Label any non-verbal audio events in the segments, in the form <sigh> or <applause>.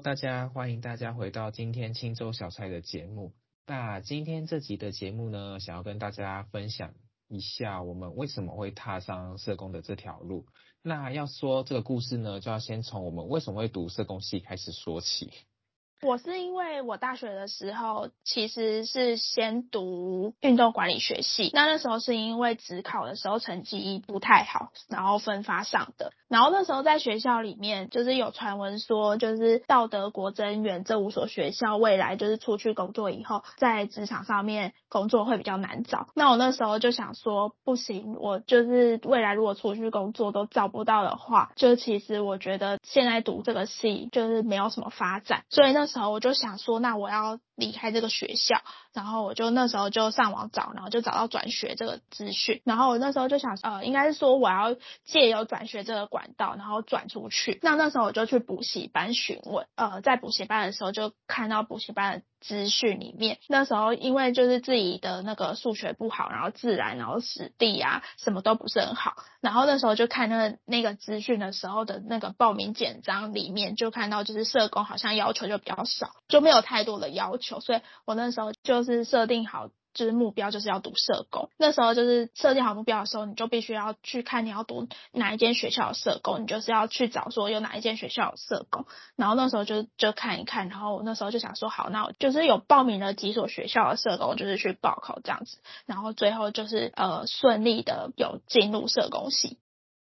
大家歡迎，大家回到今天清粥小菜的節目。那今天這集的節目呢，想要跟大家分享一下我們為什麼會踏上社工的這條路。那要說這個故事呢，就要先從我們為什麼會讀社工系開始說起。我是因為我大學的時候其實是先讀運動管理學系，那那時候是因為指考的時候成績不太好，然後分發上的。然後那時候在學校裡面就是有傳聞說，就是道德國珍園這五所學校，未來就是出去工作以後，在職場上面工作會比較難找。那我那時候就想說，不行，我就是未來如果出去工作都找不到的話，就其實我覺得現在讀這個系就是沒有什麼發展，所以那。那時候我就想說，那我要離開這個學校，然後我就那時候就上網找，然後就找到轉學這個資訊，然後我那時候就想，呃，應該是說我要借由轉學這個管道，然後轉出去。那那時候我就去補習班詢問，呃，在補習班的時候就看到補習班的。資訊裡面，那時候因為就是自己的那個數學不好，然後自然，然後史地啊什麼都不是很好，然後那時候就看那個那個資訊的時候的那個報名簡章裡面，就看到就是社工好像要求就比較少，就沒有太多的要求，所以我那時候就是設定好。就是目標就是要讀社工，那時候就是設定好目標的時候，你就必須要去看你要讀哪一間學校的社工，你就是要去找說有哪一間學校有社工，然後那時候就就看一看，然後我那時候就想說好，那我就是有報名了幾所學校的社工，就是去報考這樣子，然後最後就是呃順利的有進入社工系。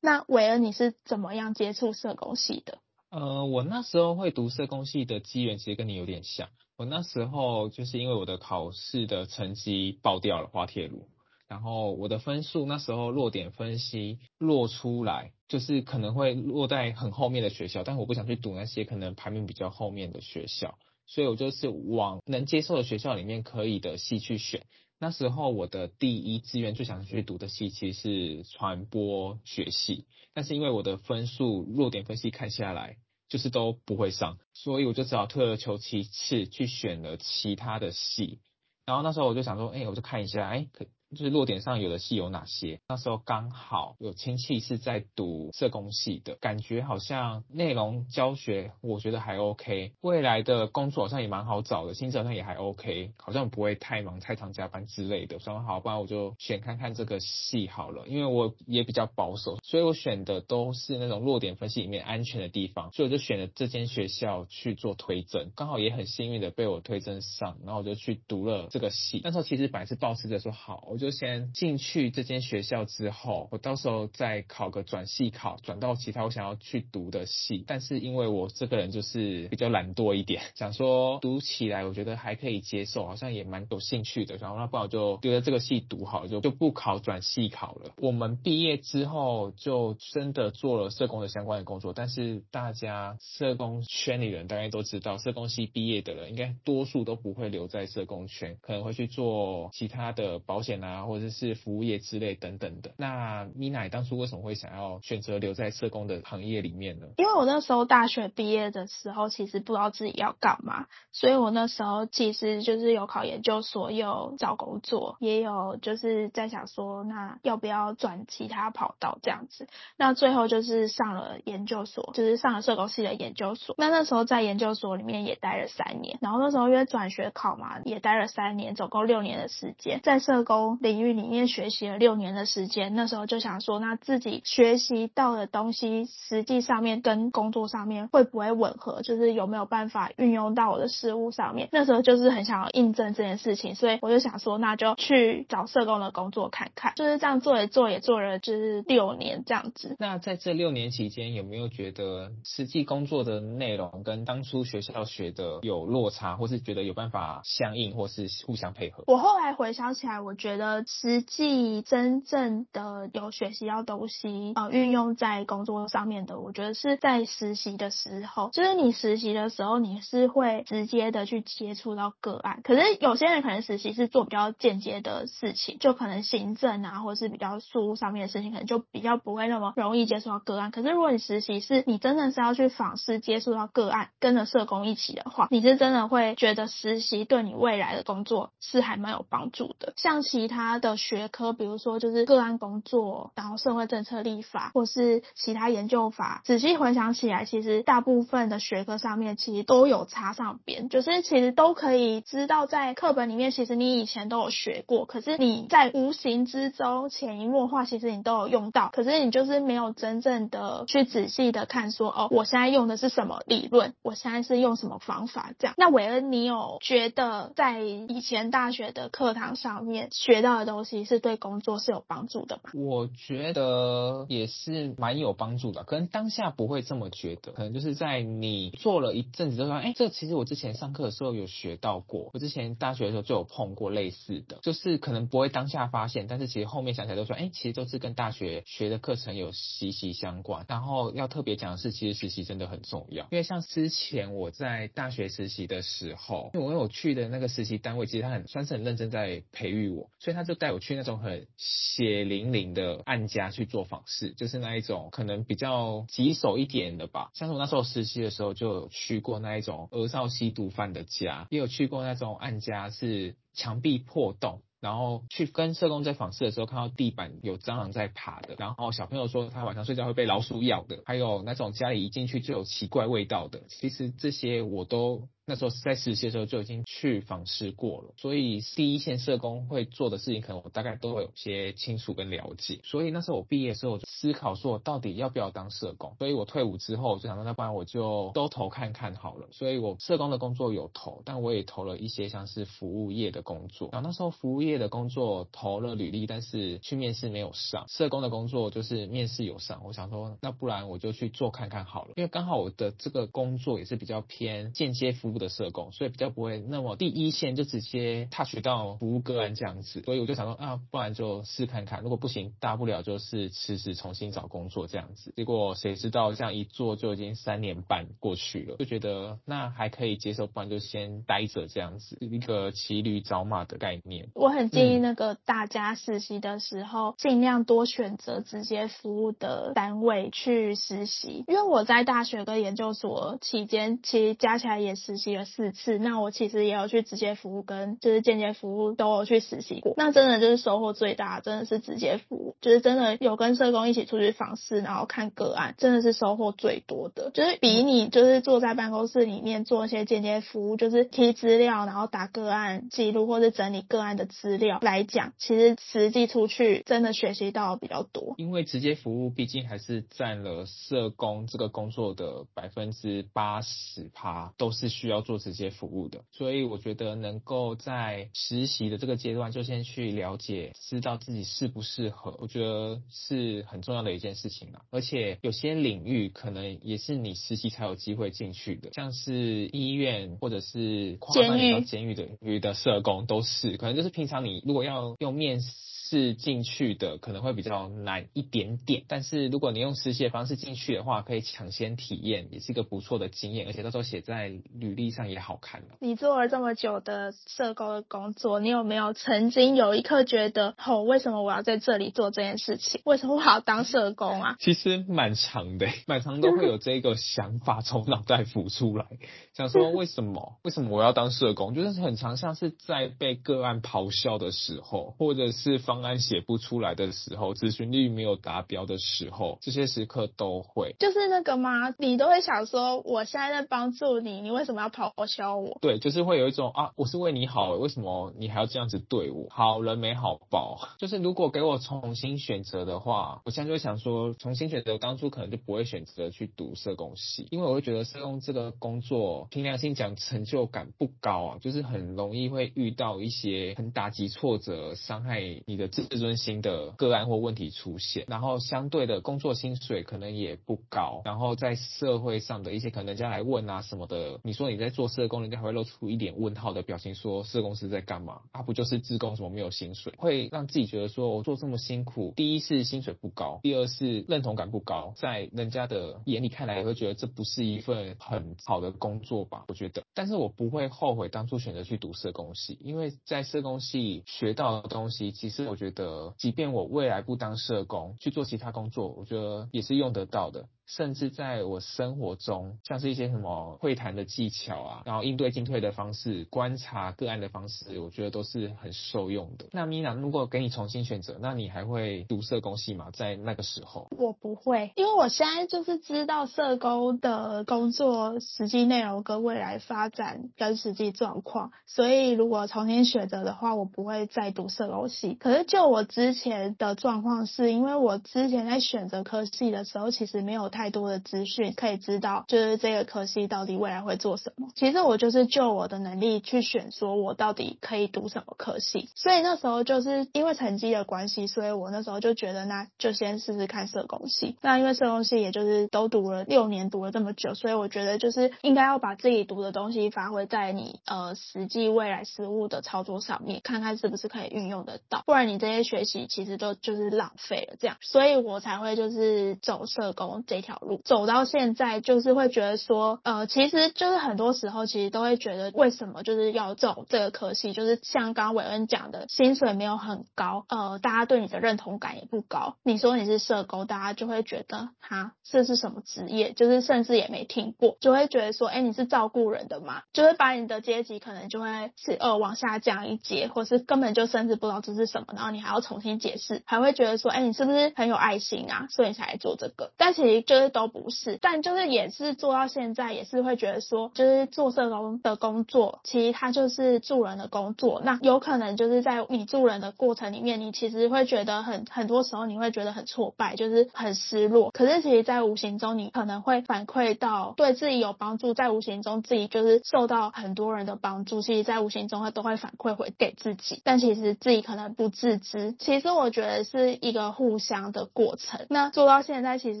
那韋恩你是怎麼樣接觸社工系的？呃，我那時候會讀社工系的機緣其實跟你有點像。我那時候就是因為我的考試的成績爆掉了，滑鐵盧。然後我的分數那時候落點分析落出來，就是可能會落在很後面的學校，但是我不想去讀那些可能排名比較後面的學校，所以我就是往能接受的學校裡面可以的系去選。那時候我的第一志願最想去讀的系其實是傳播學系，但是因為我的分數落點分析看下來。就是都不會上，所以我就只好退而求其次，去選了其他的系。然後那時候我就想說，哎、欸，我就看一下，哎、欸，可。就是落點上有的系有哪些？那時候剛好有親戚是在讀社工系的，感覺好像內容教學我覺得還 OK，未來的工作好像也蠻好找的，薪資好像也還 OK，好像不會太忙，太常加班之類的。所以，好，不然我就選看看這個系好了，因為我也比較保守，所以我選的都是那種落點分析裡面安全的地方，所以我就選了這間學校去做推甄，剛好也很幸運的被我推甄上，然後我就去讀了這個系。那時候其實本來是抱持着說好。我就先進去這間學校之後，我到時候再考個轉系考，轉到其他我想要去讀的系。但是因為我這個人就是比較懶惰一點，想說讀起來我覺得還可以接受，好像也蠻有興趣的。然後那不好就留在這個系讀好了，就就不考轉系考了。我們畢業之後就真的做了社工的相關的工作。但是大家社工圈裡人，大概都知道，社工系畢業的人應該多數都不會留在社工圈，可能會去做其他的保險啊。啊，或者是服務業之類等等的。那 Mina 當初為什麼會想要選擇留在社工的行業裡面呢？因為我那時候大學畢業的時候，其實不知道自己要幹嘛，所以我那時候其實就是有考研究所，有找工作，也有就是在想說，那要不要轉其他跑道這樣子。那最後就是上了研究所，就是上了社工系的研究所。那那時候在研究所裡面也待了三年，然後那時候因為轉學考嘛，也待了三年，總共六年的時間，在社工領域裡面學習了六年的時間，那時候就想說，那自己學習到的東西，實際上面跟工作上面會不會吻合，就是有沒有辦法運用到我的事物上面？那時候就是很想要印證這件事情，所以我就想說，那就去找社工的工作看看。就是這樣做也做，也做了就是六年這樣子。那在這六年期間，有沒有覺得實際工作的內容跟當初學校學的有落差，或是覺得有辦法相應，或是互相配合？ <noise> 我後來回想起來，我覺得。呃，實際真正的有學習到東西啊，運用在工作上面的，我覺得是在實習的時候，就是你實習的時候，你是會直接的去接觸到個案。可是有些人可能實習是做比較間接的事情，就可能行政啊，或者是比較書上面的事情，可能就比較不會那麼容易接觸到個案。可是如果你實習是你真的是要去訪視，接觸到個案，跟着社工一起的話，你是真的會覺得實習對你未來的工作是還蠻有幫助的，像其他的學科，比如說就是個案工作，然後社會政策立法，或是其他研究法。仔細回想起來，其實大部分的學科上面其實都有插上邊，就是其實都可以知道，在課本裡面其實你以前都有學過，可是你在無形之中潛移默化，其實你都有用到，可是你就是沒有真正的去仔細的看說，說哦，我現在用的是什麼理論，我現在是用什麼方法這樣。那韋恩，你有覺得在以前大學的課堂上面學？知道的東西是對工作是有幫助的，我覺得也是蠻有幫助的。可能當下不會這麼覺得，可能就是在你做了一陣子之後，哎、欸，這其實我之前上課的時候有學到過，我之前大學的時候就有碰過類似的，就是可能不會當下發現，但是其實後面想起來都說，哎、欸，其實都是跟大學學的課程有息息相關。然後要特別講的是，其實實習真的很重要，因為像之前我在大學實習的時候，因為我有去的那個實習單位，其實他很算是很認真在培育我，所以他就帶我去那種很血淋淋的案家去做訪視，就是那一種可能比較棘手一點的吧。像是我那時候實習的時候，就有去過那一種額少吸毒犯的家，也有去過那種案家是牆壁破洞，然後去跟社工在訪視的時候，看到地板有蟑螂在爬的，然後小朋友說他晚上睡覺會被老鼠咬的，還有那種家裡一進去就有奇怪味道的。其實這些我都。那時候在實習的時候就已經去訪視過了，所以第一線社工會做的事情，可能我大概都會有些清楚跟了解。所以那時候我畢業的時候，我思考說我到底要不要當社工。所以我退伍之後我就想說，那不然我就都投看看好了。所以我社工的工作有投，但我也投了一些像是服務業的工作。然後那時候服務業的工作投了履歷，但是去面試沒有上。社工的工作就是面試有上，我想說那不然我就去做看看好了，因為剛好我的這個工作也是比較偏間接服務的。的社工，所以比較不會那麼第一線就直接 touch 到服務個案這樣子，所以我就想說啊，不然就試看看，如果不行，大不了就是辭職重新找工作這樣子。結果誰知道這樣一做就已經三年半過去了，就覺得那還可以接受，不然就先待着這樣子，一個騎驢找馬的概念。我很建議那個大家實習的時候，盡、嗯、量多選擇直接服務的單位去實習，因為我在大學跟研究所期間，其實加起來也實。了四次，那我其實也有去直接服務跟就是間接服務都有去實習過，那真的就是收穫最大，真的是直接服務，就是真的有跟社工一起出去訪視，然後看個案，真的是收穫最多的，就是比你就是坐在辦公室裡面做一些間接服務，就是提資料，然後打個案記錄或是整理個案的資料來講，其實實際出去真的學習到比較多。因為直接服務畢竟還是佔了社工這個工作的百分之八十趴，都是需要。要做直接服務的，所以我覺得能夠在實習的這個階段就先去了解，知道自己適不適合，我覺得是很重要的一件事情啦。而且有些領域可能也是你實習才有機會進去的，像是醫院或者是跨到監獄的領域的社工都是，可能就是平常你如果要用面試進去的可能會比較難一點點，但是如果你用實習的方式進去的話，可以搶先體驗，也是一個不錯的經驗，而且到時候寫在履歷地上也好看。啊、你做了這麼久的社工的工作，你有沒有曾經有一刻覺得，吼、哦，為什麼我要在這裡做這件事情？為什麼我還要當社工啊？其實蠻常的，蠻常都會有這個想法從腦袋浮出來， <laughs> 想說為什麼？為什麼我要當社工？就是很常，像是在被個案咆哮的時候，或者是方案寫不出來的時候，執行率沒有達標的時候，這些時刻都會。就是那個嗎？你都會想說，我現在在幫助你，你為什麼要？嘲笑我，我，對，就是會有一種啊，我是為你好，為什麼你還要這樣子對我？好人沒好報，就是如果給我重新選擇的話，我現在就會想說，重新選擇當初可能就不會選擇去讀社工系，因為我會覺得社工這個工作，憑良心講成就感不高啊，就是很容易會遇到一些很打擊、挫折、傷害你的自尊心的個案或問題出現，然後相對的工作薪水可能也不高，然後在社會上的一些可能人家來問啊什麼的，你說你。在做社工，人家還會露出一點問號的表情，說社工是在幹嘛？啊，不就是志工怎麼沒有薪水，會讓自己覺得說我做這麼辛苦，第一是薪水不高，第二是認同感不高，在人家的眼裡看來也會覺得這不是一份很好的工作吧？我覺得，但是我不會後悔當初選擇去讀社工系，因為在社工系學到的東西，其實我覺得，即便我未來不當社工，去做其他工作，我覺得也是用得到的。甚至在我生活中，像是一些什麼會談的技巧啊，然後應對進退的方式、觀察個案的方式，我覺得都是很受用的。那 Mina，如果給你重新選擇，那你還會讀社工系嗎？在那個時候，我不會，因為我現在就是知道社工的工作實際內容跟未來發展跟實際狀況，所以如果重新選擇的話，我不會再讀社工系。可是就我之前的狀況是，是因為我之前在選擇科系的時候，其實沒有太。太多的資訊可以知道，就是這個科系到底未來會做什麼。其實我就是就我的能力去選，說我到底可以讀什麼科系。所以那時候就是因為成績的關係，所以我那時候就覺得那就先試試看社工系。那因為社工系也就是都讀了六年，讀了這麼久，所以我覺得就是應該要把自己讀的東西發揮在你呃實際未來實務的操作上面，看看是不是可以運用得到。不然你這些學習其實都就是浪費了這樣。所以我才會就是走社工這條。走到現在，就是會覺得說，呃，其實就是很多時候，其實都會覺得為什麼就是要走這個科系？就是像剛偉恩講的，薪水沒有很高，呃，大家對你的認同感也不高。你說你是社工，大家就會覺得哈，這是什麼職業？就是甚至也沒聽過，就會覺得說，哎、欸，你是照顧人的嘛？就會、是、把你的階級可能就會是呃往下降一階，或是根本就甚至不知道這是什麼，然後你還要重新解釋，還會覺得說，哎、欸，你是不是很有愛心啊？所以才來做這個？但其實。就是都不是，但就是也是做到現在，也是會覺得說，就是做社工的工作，其實它就是助人的工作。那有可能就是在你助人的過程裡面，你其實會覺得很很多時候你會覺得很挫敗，就是很失落。可是其實，在無形中你可能會反饋到對自己有幫助，在無形中自己就是受到很多人的幫助。其實，在無形中他都會反饋回給自己，但其實自己可能不自知。其實我覺得是一個互相的過程。那做到現在其，其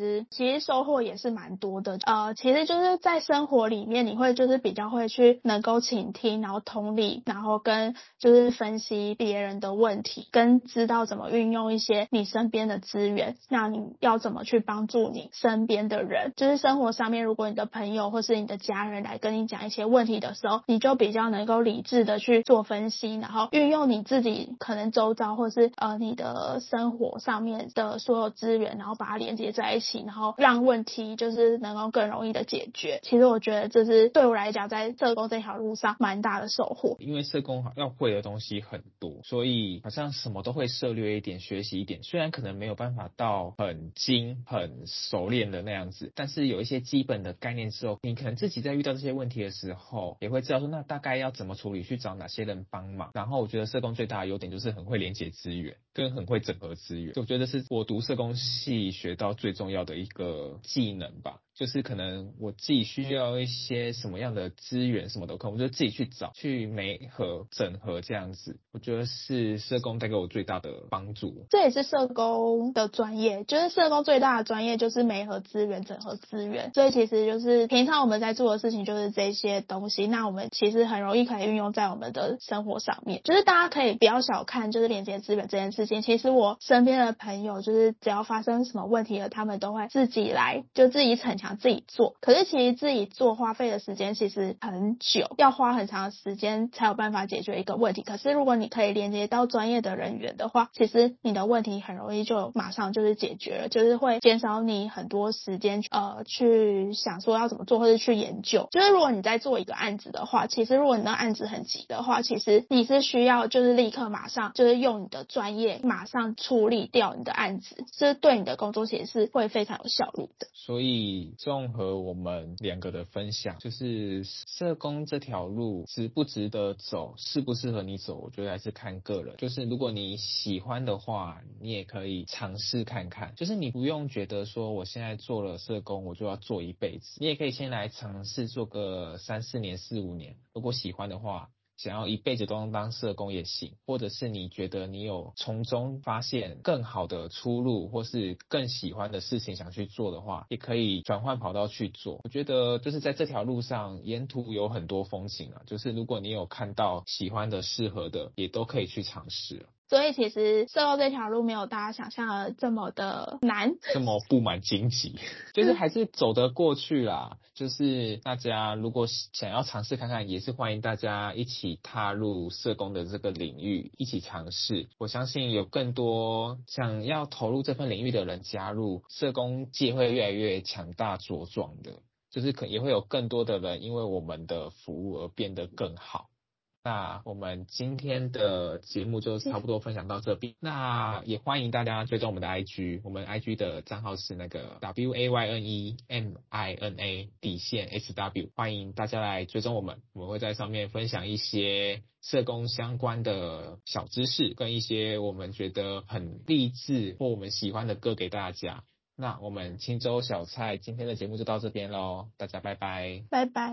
實其實。收穫也是蠻多的，呃，其實就是在生活裡面，你會就是比較會去能夠傾聽，然後同理，然後跟就是分析別人的問題，跟知道怎麼運用一些你身邊的資源。那你要怎麼去幫助你身邊的人？就是生活上面，如果你的朋友或是你的家人來跟你講一些問題的時候，你就比較能夠理智的去做分析，然後運用你自己可能周遭或是呃你的生活上面的所有資源，然後把它連接在一起，然後讓。啊、問題就是能夠更容易的解決。其實我覺得這是對我來講，在社工這條路上蠻大的收穫。因為社工要會的東西很多，所以好像什麼都會涉獵一點、學習一點。雖然可能沒有辦法到很精、很熟練的那樣子，但是有一些基本的概念之後，你可能自己在遇到這些問題的時候，也會知道說，那大概要怎麼處理，去找哪些人幫忙。然後我覺得社工最大的優點就是很會連接資源，跟很會整合資源。所以我覺得這是我讀社工系學到最重要的一個。呃，技能吧。就是可能我自己需要一些什麼樣的資源，什麼都可以，我就自己去找去媒合整合這樣子，我覺得是社工帶給我最大的幫助。這也是社工的專業，就是社工最大的專業就是媒合資源整合資源，所以其實就是平常我們在做的事情就是這些東西，那我們其實很容易可以運用在我們的生活上面，就是大家可以不要小看就是連接資本這件事情，其實我身邊的朋友就是只要發生什麼問題了，他們都會自己來就自己承。想自己做，可是其實自己做花費的時間其實很久，要花很長時間才有辦法解決一個問題。可是如果你可以連接到專業的人員的話，其實你的問題很容易就馬上就是解決了，就是會減少你很多時間，呃，去想說要怎麼做，或者去研究。就是如果你在做一個案子的話，其實如果你那案子很急的話，其實你是需要就是立刻馬上就是用你的專業馬上處理掉你的案子，這是對你的工作其實是會非常有效率的。所以。綜合我們兩個的分享，就是社工這條路值不值得走，適不適合你走，我覺得還是看個人。就是如果你喜歡的話，你也可以嘗試看看。就是你不用覺得說我現在做了社工，我就要做一輩子。你也可以先來嘗試做個三四年、四五年，如果喜歡的話。想要一輩子都能當社工也行，或者是你覺得你有從中發現更好的出路，或是更喜歡的事情想去做的話，也可以轉換跑道去做。我覺得就是在這條路上，沿途有很多風景啊。就是如果你有看到喜歡的、適合的，也都可以去嘗試。所以其實社工這條路沒有大家想象的這麼的難，這麼布滿荊棘， <laughs> 就是還是走得過去啦、啊。就是大家如果想要嘗試看看，也是歡迎大家一起踏入社工的這個領域，一起嘗試。我相信有更多想要投入這份領域的人加入，社工界會越來越強大茁壯的。就是可也會有更多的人因為我們的服務而變得更好。那我們今天的節目就差不多分享到這邊。嗯、那也歡迎大家追蹤我們的 IG，我們 IG 的賬號是那個 WAYNEMINA 底線 SW，歡迎大家來追蹤我們，我們會在上面分享一些社工相關的小知識，跟一些我們覺得很勵志或我們喜歡的歌給大家。那我們青州小菜今天的節目就到這邊嘍，大家拜拜，拜拜。